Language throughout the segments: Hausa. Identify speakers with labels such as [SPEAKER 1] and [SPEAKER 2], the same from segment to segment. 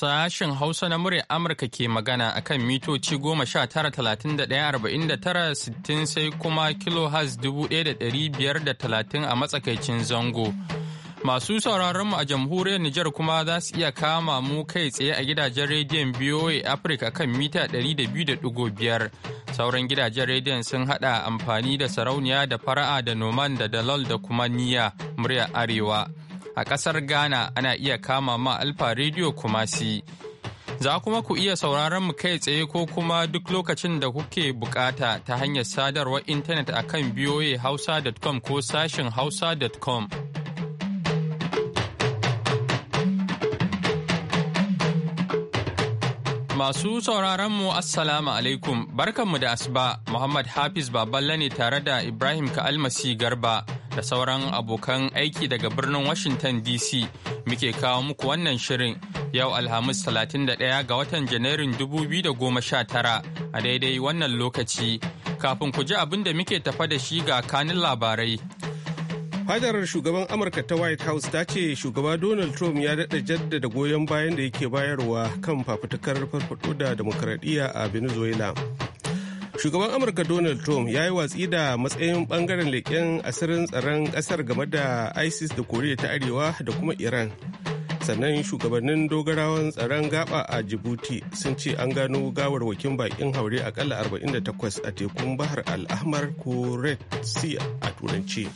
[SPEAKER 1] sashen Hausa na murya Amurka ke magana a kan mitoci 19,31,49,60 sai kuma kilohertz 1,530 a matsakaicin zango. Masu sauraron mu a jamhuriyar Nijar kuma za su iya kama mu kai tsaye a gidajen rediyon BOA Africa kan mita 200.5. Sauran gidajen rediyon sun hada amfani da sarauniya da fara'a da noman da dalal da kuma niya murya arewa. a ƙasar Ghana ana iya kama ma Alfa Radio Kumasi. Za kuma ku iya sauraron mu kai tsaye ko kuma duk lokacin da kuke bukata ta hanyar sadarwar intanet a kan hausa.com ko sashin hausa.com. Masu sauraron mu Assalamu alaikum, barkanmu da asuba Muhammad Hafiz Baballe ne tare da Ibrahim Ka'almasi Garba. da sauran abokan aiki daga birnin Washington DC muke kawo muku wannan shirin yau Alhamis 31 ga watan Janairun 2019 a daidai wannan lokaci. Kafin ku ji abin da muke tafa da shi ga kanin labarai.
[SPEAKER 2] Fadarar shugaban Amurka ta White House ta ce shugaba Donald Trump ya daɗa jaddada goyon bayan da yake bayarwa kan fafutukar farfaɗo da demokradiyya a Venezuela. shugaban amurka donald trump ya yi watsi da matsayin bangaren leƙen asirin tsaron ƙasar game da isis da koriya ta arewa da kuma iran sannan shugabannin dogarawan tsaron gaba a jibuti sun ce an gano gawar gawarwakin bakin haure akalla 48 a tekun bahar al-ahmar ko red sea a turanci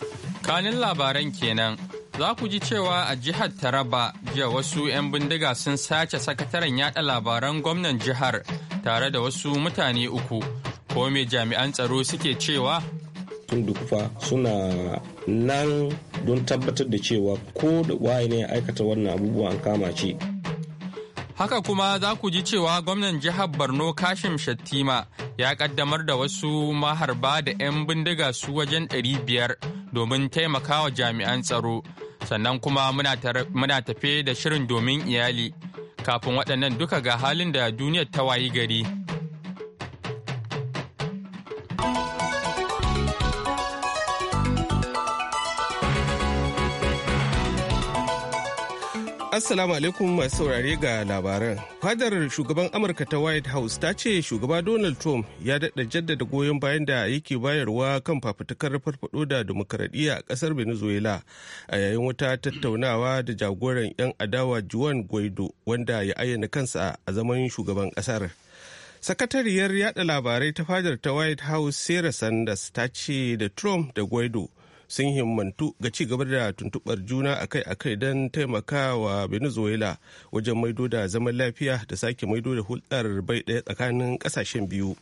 [SPEAKER 1] kanin labaran kenan za ku ji cewa a jihar taraba jiya wasu 'yan bindiga sun sace sakataren yada labaran gwamnan jihar tare da wasu mutane uku Ko me jami'an tsaro suke cewa?
[SPEAKER 3] Sun dukufa suna nan don tabbatar da cewa ko da waye ne aikata wannan abubuwa an kama ce
[SPEAKER 1] Haka kuma za ku ji cewa gwamnan jihar Borno Kashim Shattima ya kaddamar da wasu maharba da 'yan bindiga su wajen 500 domin taimakawa jami'an tsaro. Sannan kuma muna tafe da shirin domin iyali. Kafin waɗannan duka ga halin da duniyar ta wayi gari.
[SPEAKER 2] Assalamu alaikum masu saurare ga labaran. Fadar shugaban Amurka ta White House ta ce shugaba Donald Trump ya daɗa jaddada goyon bayan da yake bayarwa kan fafutukar farfado da demokradiyya a ƙasar Venezuela a yayin wata tattaunawa da jagoran 'yan adawa Juan Guaido wanda ya ayyana kansa a zaman shugaban ƙasar. Sakatariyar yada labarai ta fadar ta White House Sarah Sanders ta ce da Trump da Guaido sun himmantu ga ci gaba da tuntubar juna akai-akai don taimaka wa venezuela wajen maido da zaman lafiya da sake maido da hulɗar bai ɗaya tsakanin ƙasashen biyu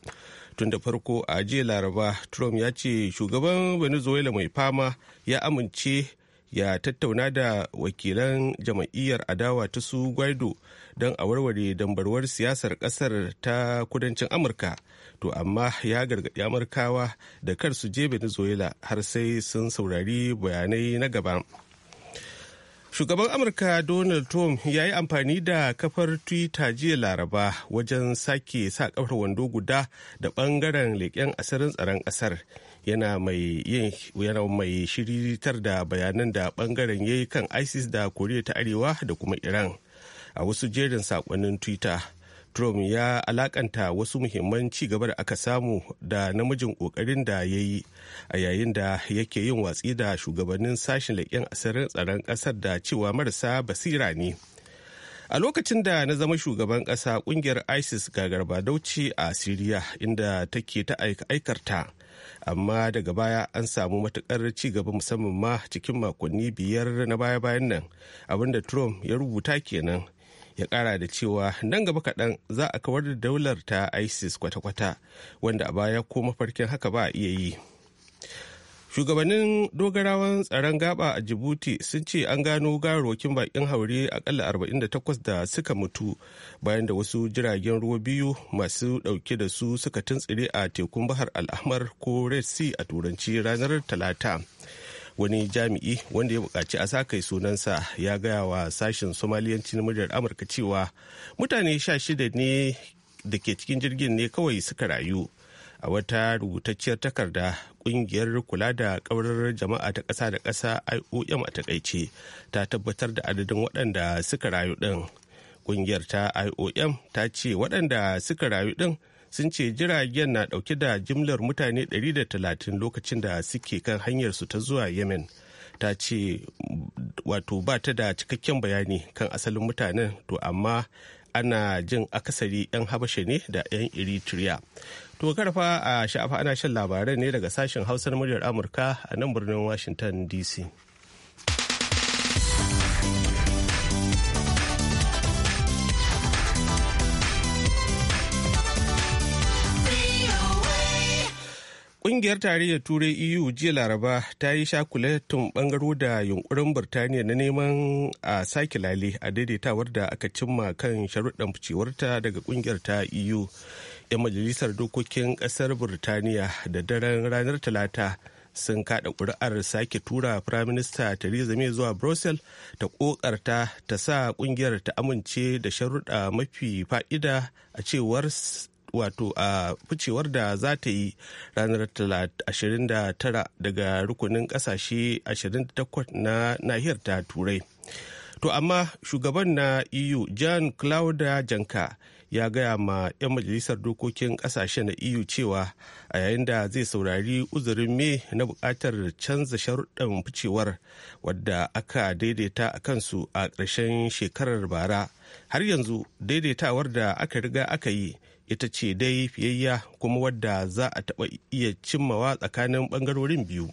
[SPEAKER 2] tun da farko a jiya laraba trump ya ce shugaban venezuela mai fama ya amince ya tattauna da wakilan jam'iyyar adawa ta su Guaido don a warware dambarwar siyasar kasar ta kudancin Amurka. To amma ya gargaɗi Amurkawa da kar su je Venezuela har sai sun saurari bayanai na gaba. Shugaban Amurka Donald Trump ya yi amfani da kafar Twitter jiya Laraba wajen sake sa kafar wando guda da ɓangaren leƙen asirin tsaron ƙasar. yana mai yin yana mai shiritar da bayanan da bangaren yayi kan isis da koriya ta arewa da kuma iran a wasu jerin sakonnin twitter trump ya alakanta wasu muhimman gaba da aka samu da namijin kokarin da ya yi a yayin da yake yin watsi da shugabannin sashen leƙen asirin tsaron ƙasar da cewa marasa basira ne a lokacin da na zama shugaban ƙasa ƙungiyar isis ga garbadauci a syria inda take ta aikarta amma daga baya an samu matukar ci gaba musamman ma cikin makonni biyar na baya-bayan nan abinda trump ya rubuta kenan ya kara da cewa nan gaba kaɗan za a kawar da daular ta isis kwata-kwata wanda a baya ko mafarkin haka ba a iya yi shugabannin dogarawan tsaron gaba a jibuti sun ce an gano garokin bakin haure akalla 48 da suka mutu bayan da wasu jiragen ruwa biyu masu dauke da su suka tuntsire a tekun bahar al'ahmar ko red sea a turanci ranar talata wani jami'i wanda ya buƙaci a sa kai sunansa ya gaya wa sashen somaliyanci na muryar amurka cewa mutane sha shida ne da ke cikin jirgin ne kawai suka rayu a wata rubutacciyar takarda kungiyar kula da kabarar jama'a ta ƙasa da ƙasa iom a takaice ta tabbatar da adadin waɗanda suka rayu ɗin kungiyar ta iom ta ce waɗanda suka rayu ɗin sun ce jiragen na ɗauke da jimlar mutane 130 lokacin da suke kan hanyar su ta zuwa yemen ta ce wato ba ta da cikakken bayani kan asalin mutanen to amma ana jin akasari 'yan habasha ne da 'yan eritrea To karfa a sha'afa ana shan labarai ne daga sashen hausar muryar Amurka a nan birnin Washington DC. Ƙungiyar tarayyar Turai EU jiya Laraba ta yi shakulatun bangaro da yunkurin Birtaniya na neman a sake lale a daidaitawar da aka cimma kan sharuɗan ficewarta daga ƙungiyar ta EU. 'yan majalisar dokokin kasar burtaniya da daren ranar talata sun kada kuri'ar sake tura firaminista theresa may zuwa brussels ta kokarta ta sa kungiyar ta amince da sharuɗa mafi fa'ida a cewar wato a ficewar da za ta yi ranar 29 daga rukunin kasashe 28 na nahiyar ta turai to amma shugaban na eu john claude janka ya gaya ma 'yan majalisar dokokin kasashe na EU cewa a yayin da zai saurari uzurin me na bukatar canza sharuɗan ficewar wadda aka daidaita a kansu a ƙarshen shekarar bara har yanzu daidaitawar da aka riga aka yi ita ce dai fiyayya kuma wadda za a taɓa iya cimmawa tsakanin ɓangarorin biyu.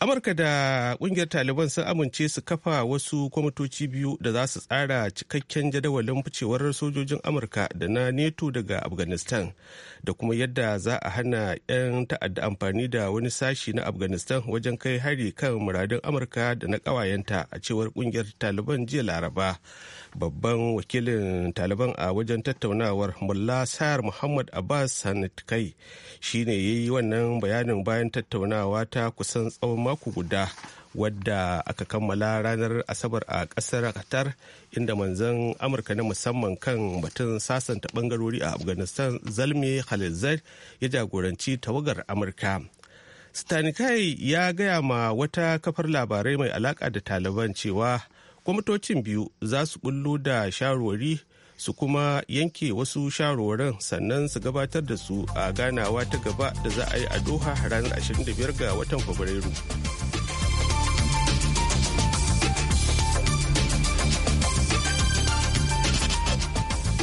[SPEAKER 2] amurka da kungiyar taliban sun amince su kafa wasu kwamitoci biyu da za su tsara cikakken jadawalin ficewar sojojin amurka da na neto daga afghanistan da kuma yadda za a hana 'yan ta'adda amfani da wani sashi na afghanistan wajen kai hari kan muradun amurka da na kawayenta a cewar kungiyar taliban jiya laraba babban wakilin taliban a wajen tattaunawar mullah sayar muhammad abbas Kai shi ne ya yi wannan bayanin bayan tattaunawa ta kusan tsawon mako guda wadda aka kammala ranar asabar a kasar qatar inda manzan amurka na musamman kan batun sasanta bangarori a afghanistan zalmi khalizad ya jagoranci tawagar amurka stanikai ya gaya ma wata kafar labarai mai alaka da taliban cewa kwamitocin biyu za su bullo da shawarwari su kuma yanke wasu shawarwarin sannan su gabatar da su a ganawa ta gaba da za a yi a doha ranar 25 ga watan fabrairu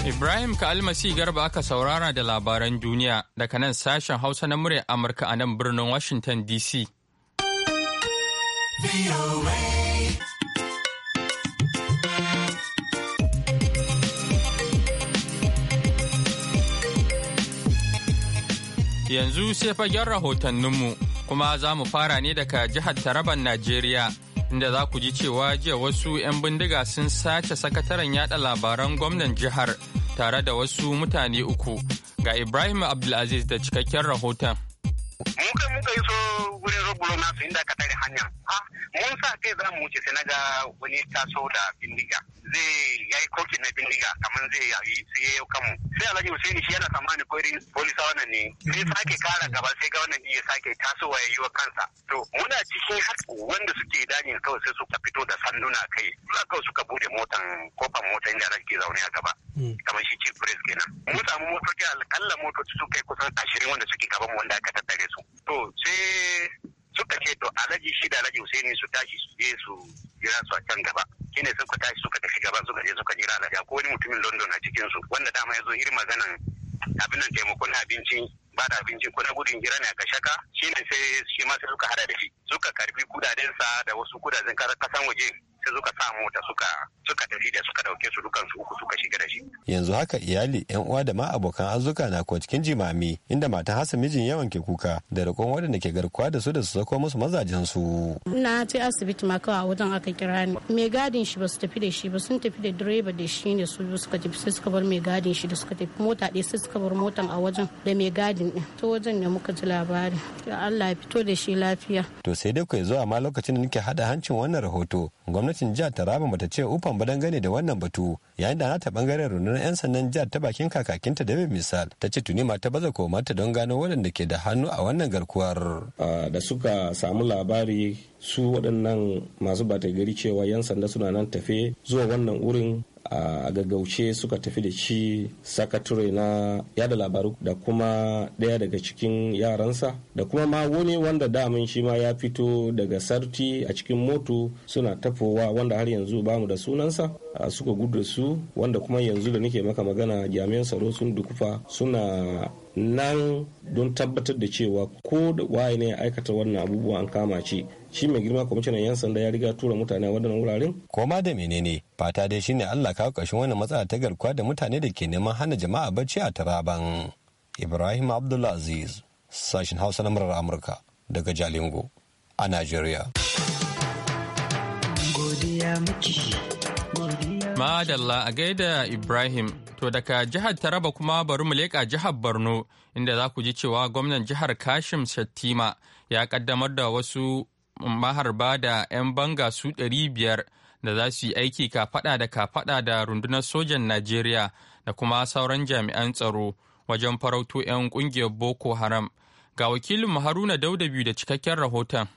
[SPEAKER 1] Ibrahim Kalmasi Garba aka saurara da labaran duniya daga nan sashen Hausa na murya Amurka a nan birnin Washington DC. Yanzu sai fagen rahotanninmu kuma za mu fara ne daga jihar Taraban Najeriya inda za ku ji cewa jiya wasu 'yan bindiga sun sace sakataren yada labaran gwamnan jihar tare da wasu mutane uku. Ga Ibrahim Abdulaziz da cikakken rahoton. so
[SPEAKER 2] su inda ka tare hanya ha mun sa kai za mu wuce sai na ga wani taso da bindiga zai yayi koki na bindiga kamar zai yi su ya kanmu sai alhaji husaini shi yana tsammani ko irin polisa wannan ne sai sake kara gaba sai ga wannan ya sake tasowa ya yi wa kansa to muna cikin haka wanda suke dajin
[SPEAKER 3] kawai sai suka fito da sanduna kai zuwa kawai suka bude motan kofan motan da ke zaune a gaba hmm. kamar shi chief press kenan mun samu motoci alƙalla motoci su kai kusan ashirin wanda suke gaban wanda aka tattare su to sai suka ce to alhaji shi da alhaji Husaini su tashi su je su
[SPEAKER 2] jira su a can gaba shine suka tashi suka tafi gaba suka je suka jira alhaji ko wani mutumin London a cikin su wanda dama yazo irin maganan abin nan taimakon abinci ba da abinci ko na gudun jira ne a kashaka shine sai shi ma sai suka hada da shi suka karbi kudaden sa da wasu kudaden
[SPEAKER 4] kasan waje sai suka sa mota suka suka tafi da suka dauke su dukan su uku suka shiga da shi yanzu haka iyali yan uwa da ma abokan arzuka na ko cikin jimami inda matan Hassan mijin yawan ke kuka da rakon wadanda ke garkuwa da su da su sako musu mazajen su
[SPEAKER 5] na je asibiti ma kawai a wajen aka kira ni mai gadin shi ba su tafi da shi ba sun tafi da direba da shi ne su suka tafi sai suka bar mai gadin shi da suka tafi mota ɗaya sai suka bar motan a wajen da mai gadin ɗin ta wajen ne muka ji labari ya Allah ya fito da shi lafiya
[SPEAKER 4] to sai dai ku zuwa ma lokacin da nake hada hancin wannan rahoto gwamnati gwamnatin jihar taraba bata ce ufan ba dangane da wannan batu yayin da nata bangaren rundunar yan sandan jihar ta bakin kakakinta da misal ta ce tuni ma ta baza komarta don gano waɗanda ke da hannu a
[SPEAKER 3] wannan garkuwar da suka samu labari su waɗannan masu bata gari cewa yan sanda suna nan tafe zuwa wannan wurin a gaggauce suka tafi da shi sakatare na yada labaru da kuma ɗaya daga cikin yaransa da kuma ma wani wanda damin shi ma ya fito daga sarti a cikin moto suna tafowa wanda har yanzu bamu da sunansa suka gudu da su wanda kuma yanzu da nake maka magana jami'an tsaro sun dukufa suna nan don tabbatar da cewa ko da waye ne aikata wannan abubuwa an kama ce shi mai girma kwamishinan yan sanda ya riga tura
[SPEAKER 4] mutane a waɗannan wuraren. ma da menene fata dai shine allah kawo ƙarshen wannan matsala ta garkuwa da mutane da ke neman hana jama'a bacci a taraban ibrahim abdulaziz sashen hausa na murar amurka daga jalingo a nigeria.
[SPEAKER 5] godiya muke
[SPEAKER 1] Madalla a gaida Ibrahim to daga jihar Taraba kuma bari mu leƙa jihar Borno inda za ku ji cewa gwamnan jihar Kashim Shattima ya kaddamar da wasu maharba da 'yan banga su 500 da za su yi aiki kafaɗa da kafaɗa da rundunar sojan Najeriya da kuma sauran jami'an tsaro wajen farauto 'yan ƙungiyar Boko Haram. Ga wakilin Haruna daudabi da cikakken rahoton.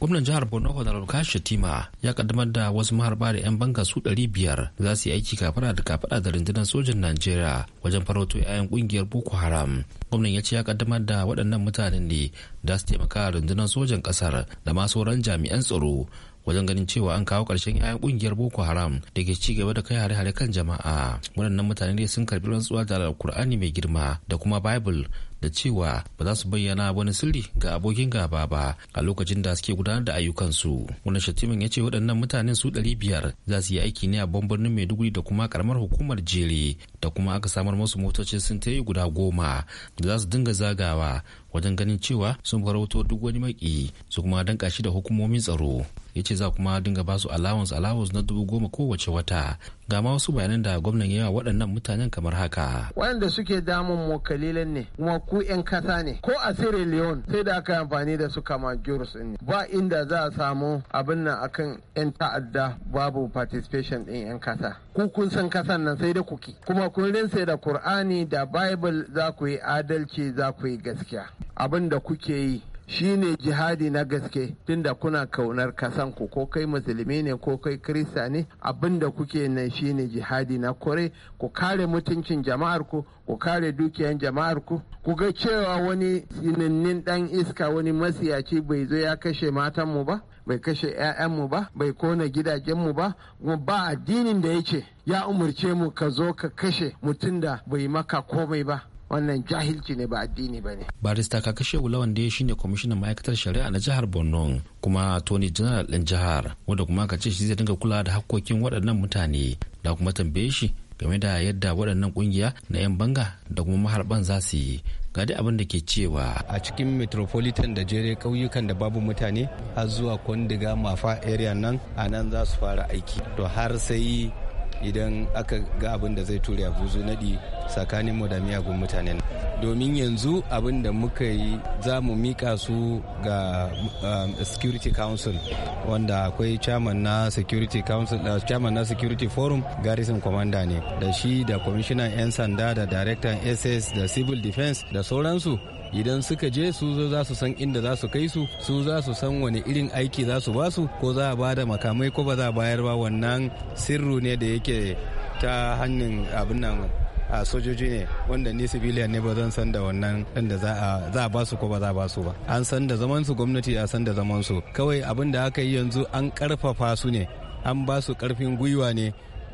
[SPEAKER 6] gwamnan jihar borno wadannan kashi tima ya kaddamar da wasu maharba da 'yan banga su 500 za su yi aiki kafada da kafada da rundunar sojan najeriya wajen farauto 'ya'yan kungiyar boko haram gwamnan ya ce ya kaddamar da waɗannan mutanen ne da su taimaka rundunar sojan ƙasar da ma sauran jami'an tsaro wajen ganin cewa an kawo ƙarshen 'ya'yan kungiyar boko haram da ke ci gaba da kai hare-hare kan jama'a waɗannan mutane ne sun karbi rantsuwa da alkur'ani mai girma da kuma bible da cewa ba za su bayyana wani sirri ga abokin gaba ba a lokacin da suke gudanar da ayyukansu wani shatimin ya ce waɗannan mutanen su ɗari biyar za su yi aiki ne a birnin maiduguri da kuma karamar hukumar jere da kuma aka samar musu motocin sun ta guda goma da za su dinga zagawa wajen ganin cewa sun farauto duk wani maki su kuma danka shi da hukumomin tsaro ya ce za kuma dinga ba su allowance allowance na dubu goma kowace wata ga ma wasu bayanan da gwamnan yawa waɗannan mutanen kamar haka
[SPEAKER 7] waɗanda suke damun mu kalilan ne kuma ku yan kasa ne ko a sierra leone sai da aka yi amfani da su kama jurus ne ba inda za a samu abin nan akan yan ta'adda babu participation ɗin yan kasa ku kun san kasan nan sai da kuki kuma kun rinse da qur'ani da bible za ku yi adalci za ku yi gaskiya abin da kuke yi Shi ne jihadi na gaske tunda kuna kaunar kasanku ko kai musulmi ne ko kai krista ne abinda kuke nan shi ne jihadi na kore ku kare mutuncin jama'arku ku kare dukiyan jama'arku ku ga cewa wani sinannin dan iska wani masiyaci bai zo ya kashe matanmu ba bai kashe 'ya'yanmu ba bai kona gidajenmu ba kuma ba addinin da ya ce ya umarce mu ka zo ka kashe mutum da bai maka komai ba wannan jahilci ne ba addini ba ne.
[SPEAKER 6] barista kakashe wula wanda shi ne kwamishinan ma'aikatar shari'a na jihar borno kuma tony general ɗin jihar wanda kuma ka ce shi zai dinga kula da hakkokin waɗannan mutane da kuma tambaye shi game da yadda waɗannan
[SPEAKER 4] ƙungiya na 'yan banga da kuma maharban za su yi ga dai abin da ke cewa a cikin metropolitan da jere ƙauyukan da babu mutane har zuwa kwandiga mafa area nan a nan za su fara aiki to har sai idan aka ga abin da zai ture buzu naɗi tsakanin mu da miyagun mutane domin yanzu abin da muka yi za mu mika su ga um, security council wanda akwai chairman na security council da uh, chairman na security forum garrison commander ne da shi da commissioner 'yan sanda da director ss da civil defense da sauransu idan suka je su za su san inda za su kai su su za su san wani irin aiki za su basu ko za a bada makamai ko ba za a bayar ba wannan sirru ne da yake ta hannun abin nan a sojoji ne wanda ni civilian ne ba zan san da wannan ɗin da za a basu ko ba za a basu ba an san da zaman su gwamnati a san da zaman su kawai abin da aka yi yanzu an karfafa su ne an ba su karfin gwiwa ne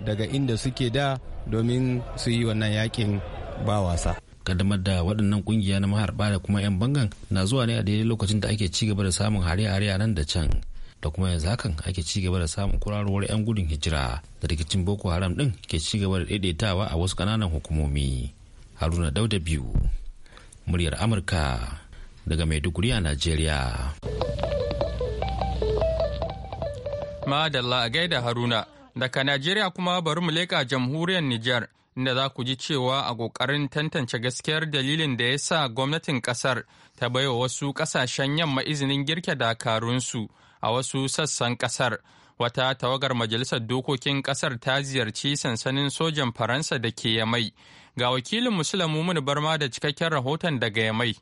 [SPEAKER 4] daga inda suke da domin su yi wannan yakin ba wasa kaddamar da waɗannan kungiya na maharba da kuma 'yan bangan na zuwa
[SPEAKER 6] ne a daidai lokacin da ake ci gaba da samun hare-hare a nan da can da kuma yanzu hakan ake ci gaba da samun kurarowar 'yan gudun hijira da rikicin boko haram din ke ci gaba da daidaitawa a wasu kananan hukumomi haruna dauda biyu muryar amurka daga maiduguri a nigeria.
[SPEAKER 1] madalla a gaida haruna daga najeriya kuma bari mu leƙa jamhuriyar nijar inda za ku ji cewa a ƙoƙarin tantance gaskiyar dalilin da ya sa gwamnatin ƙasar ta baiwa wasu ƙasashen yamma izinin girke dakarunsu a wasu sassan ƙasar. Wata tawagar Majalisar Dokokin ƙasar ta ziyarci sansanin sojan Faransa da ke Yamai. Ga wakilin Musulamu Muni Barma da cikakken rahoton daga Yamai.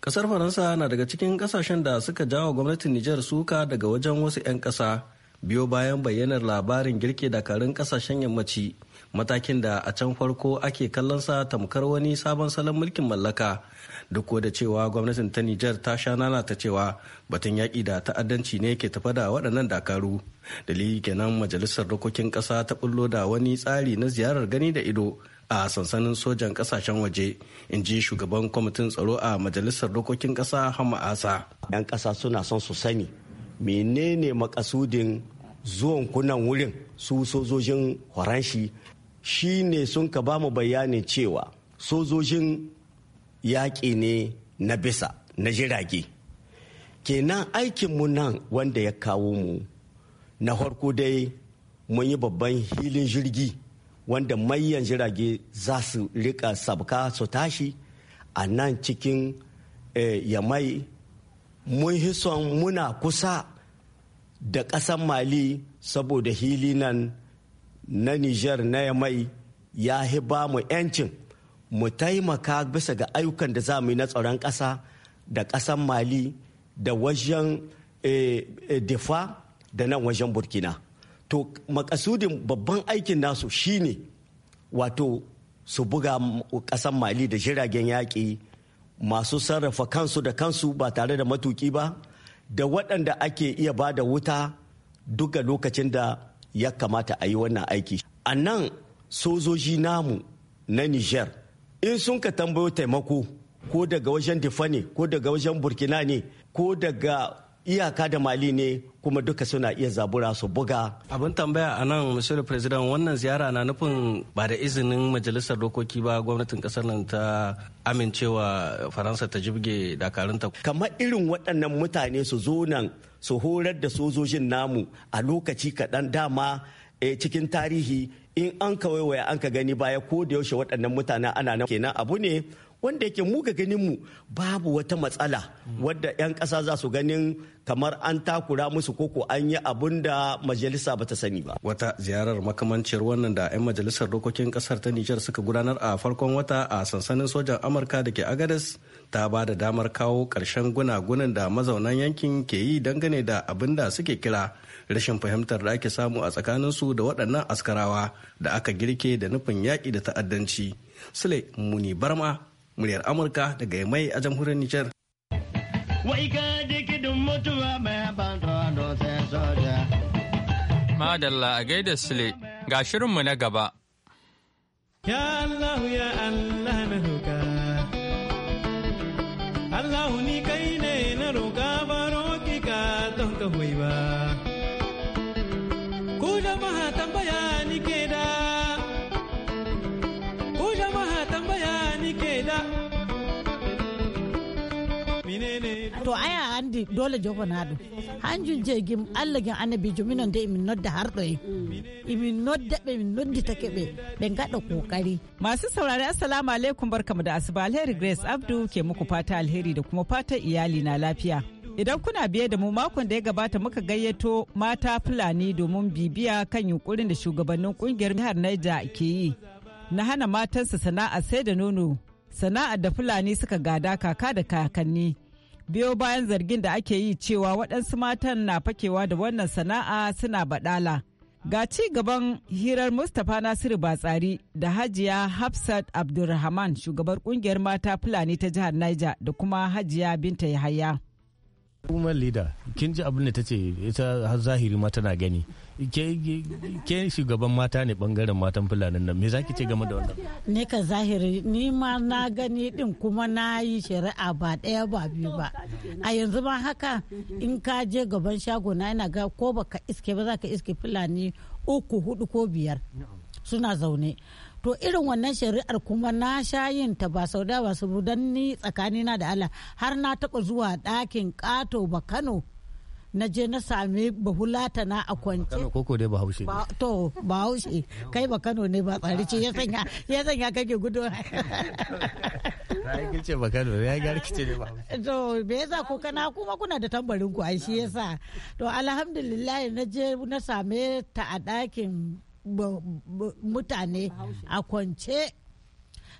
[SPEAKER 1] Ƙasar Faransa
[SPEAKER 3] na daga cikin ƙasashen da suka jawo gwamnatin Nijar suka daga wajen wasu 'yan ƙasa biyo bayan bayyanar labarin girke dakarun kasashen yammaci matakin da a can farko ake kallonsa tamkar wani sabon salon mulkin mallaka duk da cewa gwamnatin ta Nijar ta sha nana ta cewa batun yaƙi da ta'addanci ne ke tafa da waɗannan dakaru. Dalili kenan majalisar dokokin ƙasa ta bullo da wani tsari na ziyarar gani da ido a sansanin sojan ƙasashen waje in ji shugaban kwamitin tsaro a majalisar dokokin ƙasa
[SPEAKER 8] Hama Asa. 'Yan ƙasa suna son su sani menene makasudin zuwan kunan wurin su sojojin faranshi shi ne sun ka ba mu bayanin cewa sojojin yaƙi ne na bisa na jirage kenan aikinmu nan wanda ya kawo mu na farko dai mun yi babban hilin jirgi wanda mayan jirage za su rika sabka su tashi a nan cikin eh, yamai mun hison muna kusa da ƙasar mali saboda hili nan na niger na yamai ya hi ba mu 'yancin mu taimaka bisa ga ayyukan da za mu yi na tsaron ƙasa da ƙasar mali da wajen eh, eh, defa da nan wajen burkina to makasudin babban aikin nasu shine wato su buga ƙasar mali da jiragen yaƙi masu sarrafa kansu da kansu ba tare da matuki ba da waɗanda ake iya ba da wuta duka lokacin da ya kamata a yi wannan aiki a nan sojoji namu na niger in sun ka tambayo taimako ko daga wajen difa ne ko daga wajen burkina ne ko daga iyaka da mali ne kuma duka suna iya zabura su buga
[SPEAKER 3] abin tambaya a nan monsieur president wannan ziyara na nufin ba da izinin majalisar dokoki ba gwamnatin kasar nan ta amincewa faransa ta jibge dakarunta
[SPEAKER 8] kamar irin waɗannan mutane su zo nan su horar da sojojin namu a lokaci kaɗan dama eh, cikin tarihi in an waya an ka gani baya ko da yaushe waɗannan mutane ana nan kenan abu ne wanda yake mu ga ganin mu babu wata matsala wadda 'yan ƙasa za su ganin kamar an takura musu koko an yi abun da majalisa bata sani ba.
[SPEAKER 3] Wata ziyarar makamanciyar wannan da 'yan majalisar dokokin ƙasar ta Nijar suka gudanar a farkon wata a sansanin sojan Amurka da ke Agadas ta ba da damar kawo ƙarshen gunagunan da mazaunan yankin ke yi dangane da abin da suke kira rashin fahimtar da ake samu a tsakaninsu da waɗannan askarawa da aka girke da nufin yaƙi da ta'addanci. Sule Muni Barma muryar amurka daga mai a jamhuriyar nijar
[SPEAKER 8] wai ka dikidin mutuwa mai ban tsoro sai soja
[SPEAKER 1] madalla a gaida sule ga shirinmu na gaba
[SPEAKER 8] ya
[SPEAKER 3] allah ya allah na roka allah ni kai
[SPEAKER 5] jofa na jogo hanjun je gim allah gen annabijo minon de emin nodda ɗo en emin nodda ɓe noddi ɓe ɓe gaɗa kokari
[SPEAKER 9] masu saurari assalamu alaikum barkamu da asuba alheri grace abdu ke muku fata alheri da kuma fatan iyali na lafiya Idan kuna biye da mu makon da ya gabata muka gayyato mata Fulani domin bibiya kan yunkurin da shugabannin kungiyar jihar naija ke yi na hana matansa sana'a sai da nono sana'a da Fulani suka gada kaka da kakanni biyo bayan zargin da ake yi cewa waɗansu matan na fakewa da wannan sana'a suna baɗala. Ga ci gaban hirar Mustapha Nasiru Batsari da Hajiya Hafsat Abdulrahman shugabar kungiyar mata Fulani ta jihar Niger da kuma Hajiya Binta
[SPEAKER 10] Yahaya. woman leader kin ji abin da ta ce ita har zahiri ma tana gani ke shugaban mata ne bangaren matan fulanin nan me za ki ce game da wannan ne
[SPEAKER 5] ka zahiri ni ma na gani din kuma na yi shari'a ba ɗaya ba biyu ba a yanzu ma haka in ka je gaban shago na yana ga ko baka iske ba za ka iske fulani uku hudu ko biyar suna zaune to irin wannan shari'ar kuma na sha yin ta ba sau da ba su dan ni na da Allah har na taba zuwa ɗakin ƙato ba Kano na je na sami bahulata na a kwance
[SPEAKER 10] koko dai bahaushe
[SPEAKER 5] to bahaushe kai ba kano ne ba tsari ce ya sanya ya sanya kake gudu ya
[SPEAKER 10] ce ba kano ya ga rikice ne ba
[SPEAKER 5] to me yasa ko kana kuma kuna da tambarin ku ai shi yasa to alhamdulillah na je na same ta a ɗakin mutane a kwance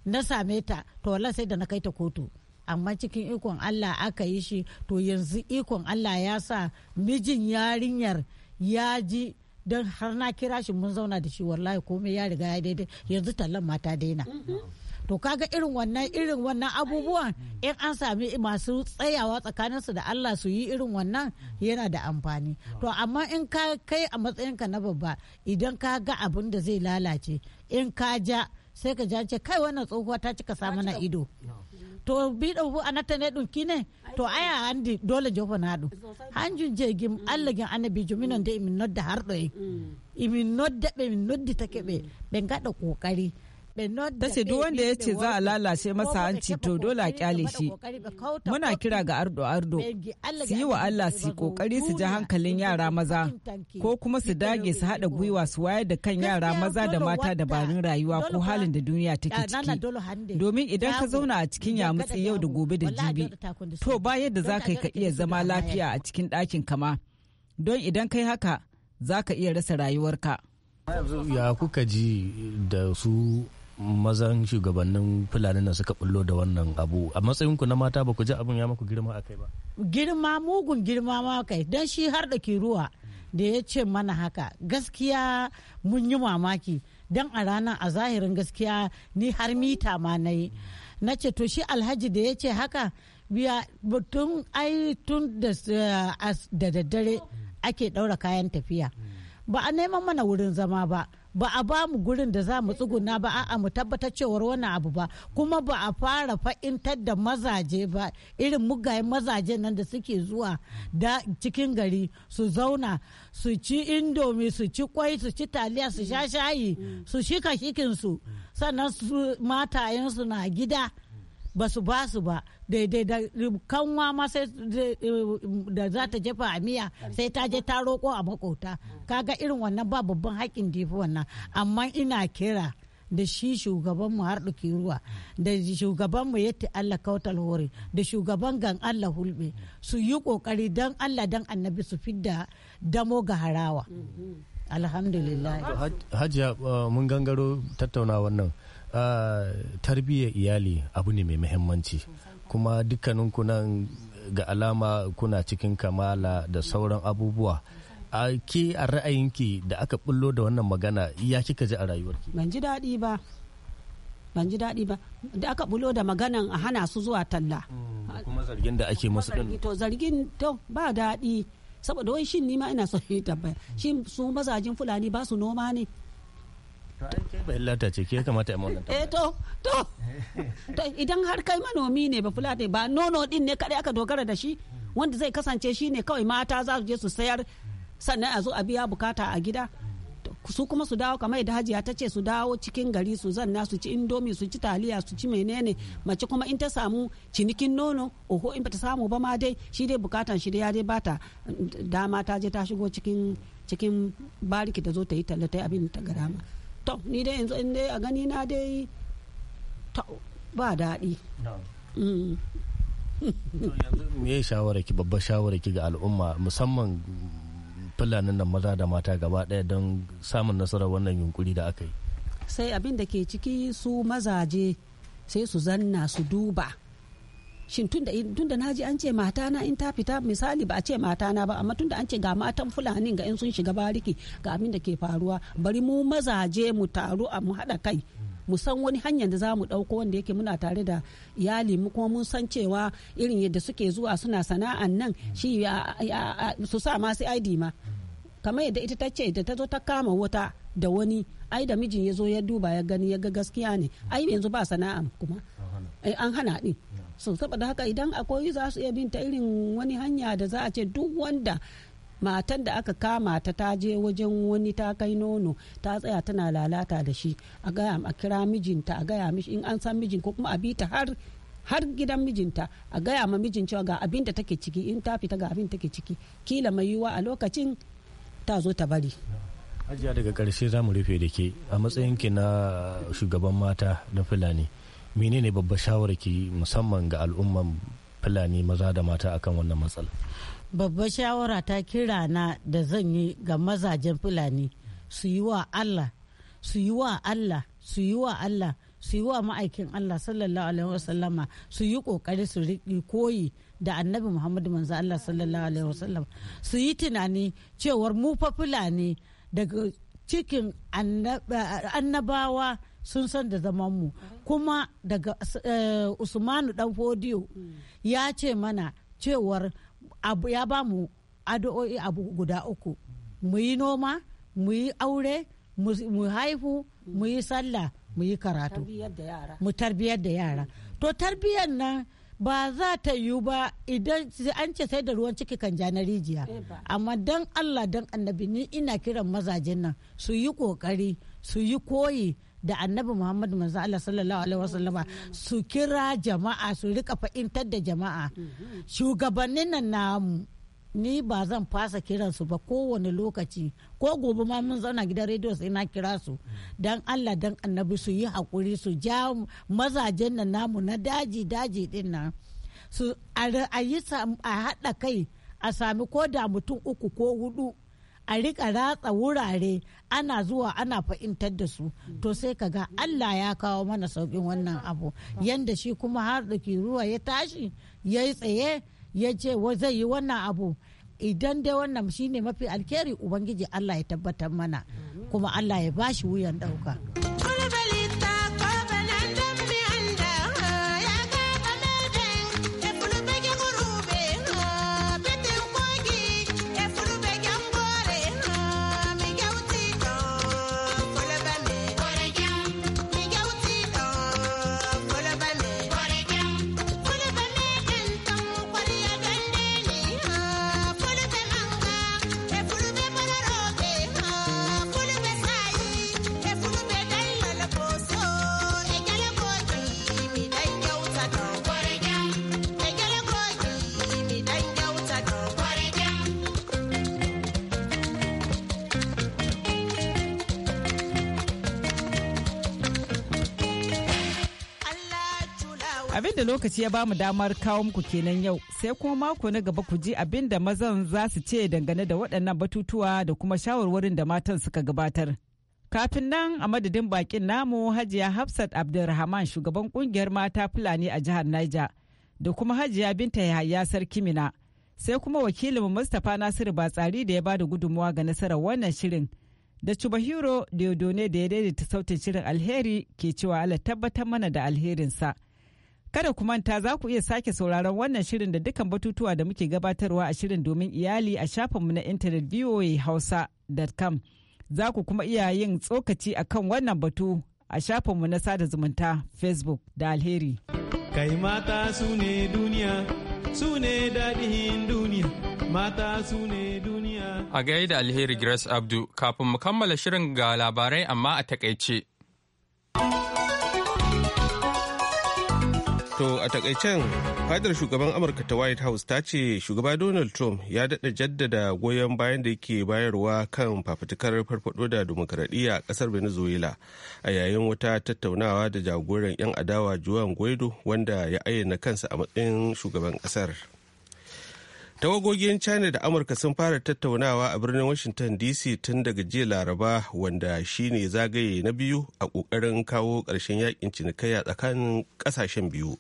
[SPEAKER 5] na same ta to sai da na kai ta kotu amma cikin ikon Allah aka yi shi to yanzu ikon Allah ya sa mijin yarinyar ya ji don har na kira shi mun zauna da shi wallahi komai ya riga ya daidai yanzu tallan mata daina. Mhm. to kaga irin wannan irin wannan abubuwan in an sami masu tsayawa tsakaninsu da Allah su yi irin wannan yana da amfani to amma in ka kai a matsayin ka na babba idan ka ga abin da zai lalace in ka ja sai ka jance kai wannan tsohuwa ta cika sa mana ido to bi da bu anata ne dun kine to aya andi dole jofa na du hanjun jegim allagin annabi juminan da imin nodda da yi e. imin nodda be min noddi take be ben gada kokari ta ce duk wanda ya ce za a lalace masa hanci to dole a kyale shi muna kira ga
[SPEAKER 9] ardo ardo su yi wa allah su kokari su ji hankalin yara maza ko kuma su dage su hada gwiwa su wayar da kan yara maza da mata dabarun rayuwa ko halin da duniya take
[SPEAKER 5] ciki domin idan ka zauna a cikin yamutsi
[SPEAKER 9] yau da gobe da jibi
[SPEAKER 5] to ba yadda za ka iya zama lafiya a
[SPEAKER 9] cikin ɗakin kama don idan kai haka za ka iya rasa rayuwarka.
[SPEAKER 10] ya kuka ji da su mazan shugabannin fulani na suka bullo da wannan abu a matsayin ku na mata ba ku ji abin ya maku girma akai ba
[SPEAKER 5] girma mugun girma ma kai dan shi har da ke ruwa da ya ce mana haka gaskiya mun yi mamaki dan a ranar a zahirin gaskiya ni har mita ma na yi na ce to shi alhaji da ya ce haka biya tun ai tun da eh, daddare ake daura kayan tafiya ba a neman mana wurin zama ba ba a ba mu gurin da za mu tsuguna ba a'a mu tabbatar cewar wani abu ba kuma ba a fara fa'intar da mazaje ba irin mugayen mazaje nan da suke zuwa da cikin gari su zauna su ci indomi su ci kwai su ci taliya su sha shayi su shika shikinsu sannan su matayensu na gida ba su ba su ba daidai da kanwa ma sai da za ta jefa a miya sai ta je ta roƙo a makota kaga irin wannan ba babban haƙin difi wannan amma ina kira da shi shugabanmu har ruwa da shugabanmu yatti Allah kautal hori da shugaban gan Allah hulɓe su yi ƙoƙari don Allah don annabi su fidda damo ga harawa mm-hmm. alhamdulillah
[SPEAKER 10] hajiya uh, mun gangaro tattauna wannan tarbiyyar iyali abu ne mai muhimmanci kuma dukkanin nan ga alama kuna cikin kamala da sauran abubuwa a ke a ra'ayinki da aka bullo da wannan magana ya kika ji a rayuwarki
[SPEAKER 11] ban ji daɗi ba ban ji daɗi ba da aka bulo da maganan a hana su zuwa talla
[SPEAKER 10] hmm, kuma zargin da ake masu din
[SPEAKER 11] to zargin to ba daɗi saboda wai shin ni ma ina so yi tabbaya shin su mazajin fulani ba su noma ne
[SPEAKER 10] ce ke kamata mu wannan.
[SPEAKER 11] Eh to to to idan har kai manomi ne ba fulata ba nono din ne kadai aka dogara da shi wanda zai kasance shi ne kawai mata za su je su sayar sannan a zo a biya bukata a gida. su kuma su dawo kamar da hajiya ta ce su dawo cikin gari su zanna su ci indomi su ci taliya su ci menene mace kuma in ta samu cinikin nono oho in bata samu ba ma dai shi dai bukatan shi ya dai bata dama ta je ta shigo cikin cikin bariki ta zo ta yi talla ta abin ta ga dama to ni dai yanzu in dai a gani na dai ba daɗi mm.
[SPEAKER 10] me ya shawara ki babbar shawara ki ga al'umma musamman fulanin nan maza da mata gaba ɗaya don samun nasarar wannan yunkuri da aka yi
[SPEAKER 11] sai abin da ke ciki su mazaje sai su zanna su duba shin tunda na ji an ce mata na in ta fita misali ba a ce mata na ba amma tunda an ce ga matan fulani ga in sun shiga bariki ga abin da ke faruwa bari mu mazaje mu taru a mu haɗa kai mu san wani hanyar da za mu ɗauko wanda yake muna tare da iyali mu kuma mun san cewa irin yadda suke zuwa suna sana'an nan shi su sa ma sai ID ma kamar yadda ita ta ce da ta zo ta kama wata da wani ai da mijin ya zo ya duba ya gani ya ga gaskiya ne ai yanzu ba sana'a kuma an hana din eh, so saboda haka idan akwai za su iya bin ta irin wani hanya da za a ce duk wanda matan da aka kama ta ta je wajen wani ta kai nono ta tsaya tana lalata da shi a gaya a kira mijinta a gaya in an san mijin ko kuma a bi ta har har gidan mijinta a gaya ma mijin cewa ga abin da take ciki in ta fita ga abin take ciki kila mai yiwuwa a lokacin ta zo ta bari
[SPEAKER 10] hajiya daga karshe za mu rufe da ke a matsayin ki na shugaban mata na fulani menene babbar shawara ke musamman ga al'umman fulani maza da mata akan wannan matsala
[SPEAKER 5] babbar shawara ta kira na da zan yi ga mazajen fulani su yi wa allah su yi wa allah su yi wa allah su yi wa ma'aikin allah sallallahu alaihi wasallama su yi kokari su riƙi koyi da annabi muhammadu manzo allah sallallahu alaihi wasallam su yi tunani cewar mu fulani daga cikin annabawa sun san da zaman mu kuma daga eh, usmanu dan fodiyo ya ce mana cewar ya ba mu addu'o'i abu guda uku mu yi noma mu yi aure mu haihu mu yi sallah mu yi karatu mu tarbiyar da yara to tarbiyyar nan ba za ta yiwu ba idan an ce sai da ruwan ciki kan jana rijiya eh amma don allah dan annabi ni ina kiran mazajen nan su yi kokari su yi koyi da annabi muhammadu manzo Allah sallallahu alaihi wasallama su kira jama'a su rika fa'intar da jama'a shugabannin nan namu ni ba zan fasa kiransu ba kowane lokaci ko gobe ma mun zauna gidan rediyo sai na kira su dan Allah dan annabi su yi hakuri su ja mazajen nan namu na daji daji din nan su a yi a haɗa kai a sami ko da mutum uku ko hudu a rika ratsa wurare ana zuwa ana fa'intar da su to sai ka ga Allah ya kawo mana saukin wannan abu yanda shi kuma har da ruwa ya tashi ya yi tsaye ya ce zai yi wannan abu idan dai wannan shi ne mafi alkeri ubangiji Allah ya tabbatar mana kuma Allah ya bashi wuyan dauka.
[SPEAKER 9] lokaci ya bamu damar kawo muku kenan yau sai kuma mako na gaba ku ji abin da mazan za su ce dangane da waɗannan batutuwa da kuma shawarwarin da matan suka gabatar. Kafin nan a madadin bakin namu Hajiya Hafsat Abdulrahman shugaban kungiyar mata Fulani a jihar Niger da kuma Hajiya Binta Yahaya Sarki Mina sai kuma wakilin Mustapha Nasiru Batsari da ya ba da gudunmawa ga nasarar wannan shirin. da Chubahiro Diodone da ya daidaita sautin shirin alheri ke cewa Allah tabbatar mana da alherinsa. Kada ku manta za ku iya sake sauraron wannan shirin da dukkan batutuwa da muke gabatarwa a shirin domin iyali a shafinmu na intanet voahausa.com. Za ku kuma iya yin tsokaci a kan wannan batu a shafinmu na sada zumunta Facebook da alheri. Kai
[SPEAKER 4] mata su ne
[SPEAKER 9] duniya, su ne
[SPEAKER 4] daɗin duniya, mata su ne duniya.
[SPEAKER 1] A gaida alheri Grace Abdu, kafin mu kammala shirin ga labarai amma a takaice.
[SPEAKER 2] To a takaicen fadar shugaban Amurka ta White House ta ce shugaba Donald Trump ya daɗa jaddada goyon bayan da yake bayarwa kan fafutukar farfado da dimokuraɗiyya a ƙasar Venezuela a yayin wata tattaunawa da jagoran 'yan adawa Juan Guaido wanda ya ayyana kansa a matsayin shugaban ƙasar. tawagogin china da amurka sun fara tattaunawa a birnin washington dc tun daga jiya laraba wanda shine zagaye na biyu a kokarin kawo karshen yakin cinikayya tsakanin kasashen biyu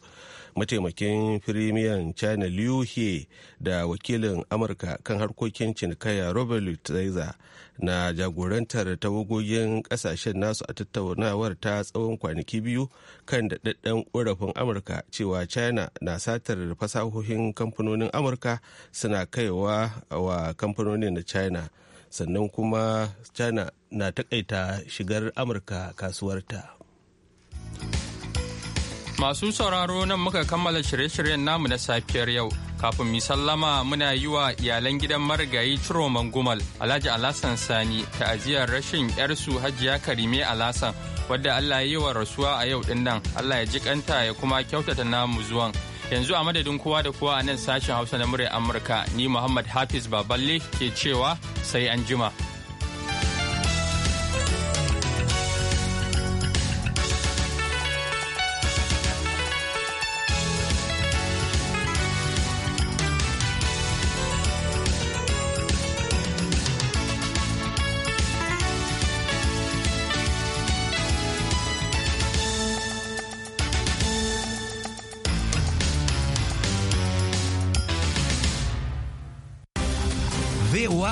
[SPEAKER 2] mataimakin firimiyan china liu he da wakilin amurka kan harkokin cinikaya robert Lighthizer na jagorantar tawagogin kasashen nasu a tattaunawar ta tsawon kwanaki biyu kan daɗaɗɗen ƙorafin amurka cewa china na satar fasahohin kamfanonin amurka suna kaiwa wa kamfanonin na china sannan kuma china na taƙaita shigar amurka kasuwarta
[SPEAKER 1] Masu sauraro nan muka kammala shirye-shiryen namu na safiyar yau. Kafin mi sallama muna yi wa iyalan gidan marigayi Ciro Mangumal, Alhaji Alasan Sani, ta'aziyar rashin 'yarsu Hajiya Karime Alasan, wadda Allah ya yi wa rasuwa a yau din nan. Allah ya ji kanta ya kuma kyautata namu zuwan. Yanzu a madadin kowa da kowa a nan sashen Hausa na murya Amurka, ni Muhammad Hafiz Baballe ke cewa sai an jima.